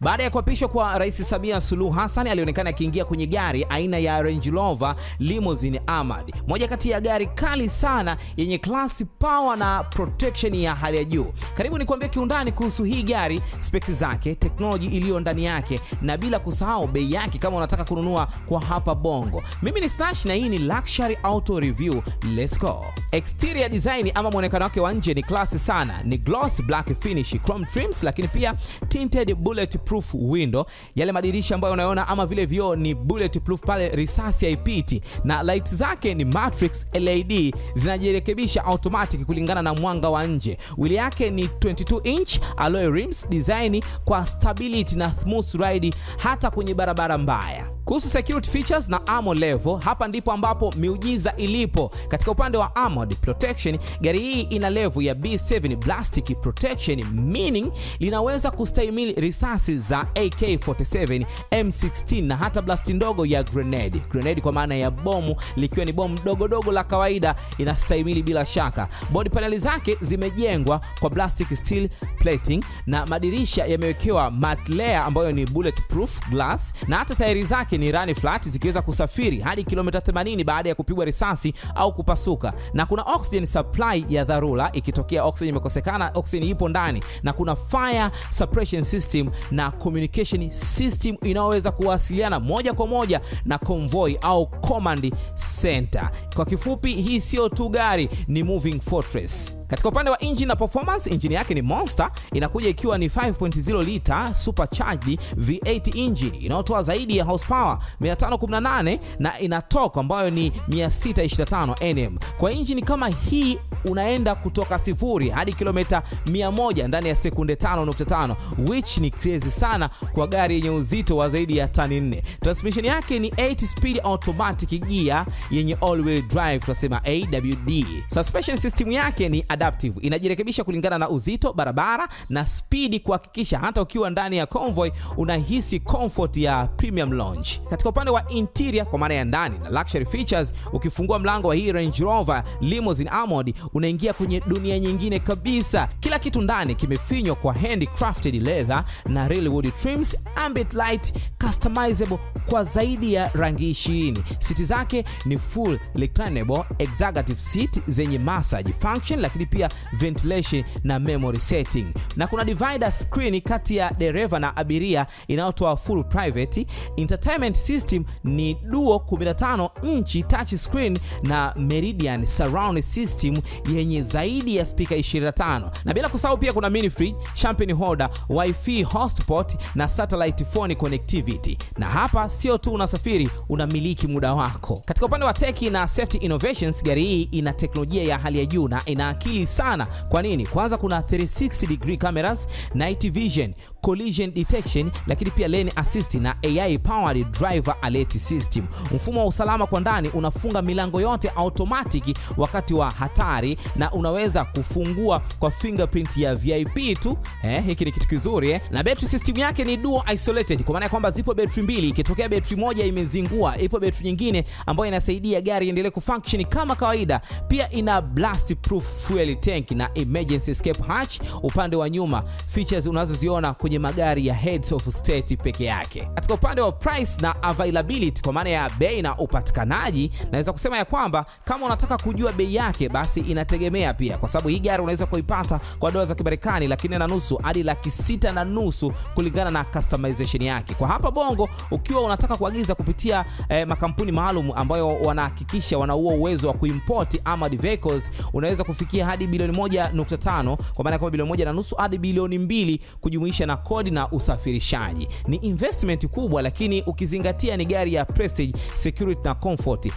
Baada ya kuapishwa kwa Rais Samia Suluhu Hassan alionekana akiingia kwenye gari aina ya Range Rover Limousine Armored, moja kati ya gari kali sana yenye class power na protection ya hali ya juu. Karibu ni kuambia kiundani kuhusu hii gari, specs zake, teknoloji iliyo ndani yake, na bila kusahau bei yake kama unataka kununua kwa hapa Bongo. Mimi ni Stash na hii ni Luxury Auto Review. Let's go. Exterior design ama mwonekano wake wa nje ni klasi sana, ni gloss black finish, chrome trims, lakini pia tinted bullet bulletproof window. Yale madirisha ambayo unayoona ama vile vioo ni bulletproof, pale risasi haipiti, na light zake ni matrix LED zinajirekebisha automatic kulingana na mwanga wa nje. Wheel yake ni 22 inch alloy rims design kwa stability na smooth ride hata kwenye barabara mbaya. Kuhusu security features na armor level, hapa ndipo ambapo miujiza ilipo. Katika upande wa armored protection, gari hii ina level ya B7 ballistic protection, meaning linaweza kustahimili risasi za AK47, M16 na hata blast ndogo ya grenade. Grenade kwa maana ya bomu, likiwa ni bomu dogo dogo la kawaida, inastahimili bila shaka. Body panel zake zimejengwa kwa plastic steel plating na madirisha yamewekewa matte layer ambayo ni bulletproof glass na hata tairi zake zake ni rani flat zikiweza kusafiri hadi kilomita 80 baada ya kupigwa risasi au kupasuka, na kuna oxygen supply ya dharura ikitokea oxygen imekosekana, oxygen ipo ndani, na kuna fire suppression system na communication system inayoweza kuwasiliana moja kwa moja na convoy au command center. Kwa kifupi, hii sio tu gari, ni moving fortress. Katika upande wa engine na performance, engine yake ni Monster, inakuja ikiwa ni 5.0 liter supercharged V8 engine inayotoa zaidi ya horsepower 518 na ina torque ambayo ni 625 Nm. Kwa engine kama hii unaenda kutoka sifuri hadi kilomita 100 ndani ya sekunde 5.5 which ni crazy sana kwa gari yenye uzito wa zaidi ya tani 4. Transmission yake ni 8 speed automatic gear yenye all wheel drive tunasema AWD. Suspension system yake ni adaptive, inajirekebisha kulingana na uzito, barabara na speed, kuhakikisha hata ukiwa ndani ya convoy unahisi comfort ya premium lounge. Katika upande wa interior, kwa maana ya ndani na luxury features, ukifungua mlango wa hii Range Rover Limousine Armored unaingia kwenye dunia nyingine kabisa kila kitu ndani kimefinywa kwa handcrafted leather na real wood trims, ambient light customizable kwa zaidi ya rangi 20. Siti zake ni full reclinable executive seat zenye massage function, lakini pia ventilation na memory setting, na kuna divider screen kati ya dereva na abiria inayotoa full private. Entertainment system ni duo 15 inchi touch screen na Meridian surround system yenye zaidi ya spika 25 na bila kusahau pia kuna mini fridge, champagne holder, wifi hotspot na satellite phone connectivity. Na hapa sio tu unasafiri, unamiliki muda wako. Katika upande wa teki na safety innovations, gari hii ina teknolojia ya hali ya juu na ina akili sana. Kwa nini? Kwanza kuna 360 degree cameras, night vision, collision detection, lakini pia lane assist na AI powered driver alert system. Mfumo wa usalama kwa ndani unafunga milango yote automatic wakati wa hatari na unaweza kufungua kwa finger fingerprint ya VIP tu eh, hiki ni kitu kizuri eh. Na battery system yake ni dual isolated, kwa maana ya kwamba zipo battery mbili. Ikitokea battery moja imezingua, ipo battery nyingine ambayo inasaidia gari iendelee kufunction kama kawaida. Pia ina blast proof fuel tank na emergency escape hatch upande wa nyuma, features unazoziona kwenye magari ya heads of state peke yake. Katika upande wa price na availability, kwa maana ya bei na upatikanaji, naweza kusema ya kwamba kama unataka kujua bei yake, basi inategemea pia, kwa sababu hii gari unaweza kuipata kwa dola za Kimarekani laki nne na nusu hadi laki sita na nusu kulingana na customization yake. Kwa hapa Bongo, ukiwa unataka kuagiza kupitia eh, makampuni maalum ambayo wanahakikisha wanaua uwezo wa kuimport armored vehicles, unaweza kufikia hadi bilioni 1.5 kwa maana kama bilioni moja na nusu hadi bilioni mbili kujumuisha na kodi na usafirishaji. Ni investment kubwa, lakini ukizingatia ni gari ya prestige, security na comfort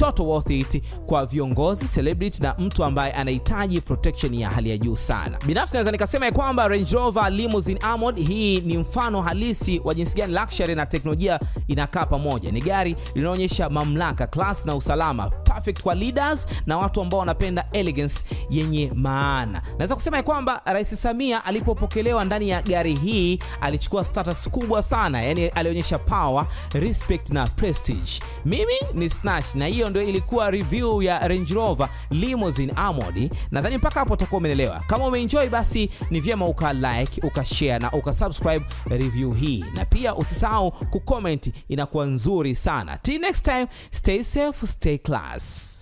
total worth it kwa viongozi, celebrity na mtu ambaye anahitaji protection ya hali ya juu sana. Binafsi naweza nikasema ya kwamba Range Rover Limousine Armored hii ni mfano halisi wa jinsi gani luxury na teknolojia inakaa pamoja. Ni gari linaonyesha mamlaka, class na usalama perfect kwa leaders na watu ambao wanapenda elegance yenye maana. Naweza kusema ya kwamba Rais Samia alipopokelewa ndani ya gari hii alichukua status kubwa sana, yani alionyesha power, respect na prestige. Mimi ni Snash na hiyo ndio ilikuwa review ya Range Rover Limousine Armored. Nadhani mpaka hapo utakuwa umeelewa. Kama umeenjoy basi ni vyema uka like, uka share na uka subscribe review hii, na pia usisahau kucomment, inakuwa nzuri sana. Till next time, stay safe, stay class. Yes.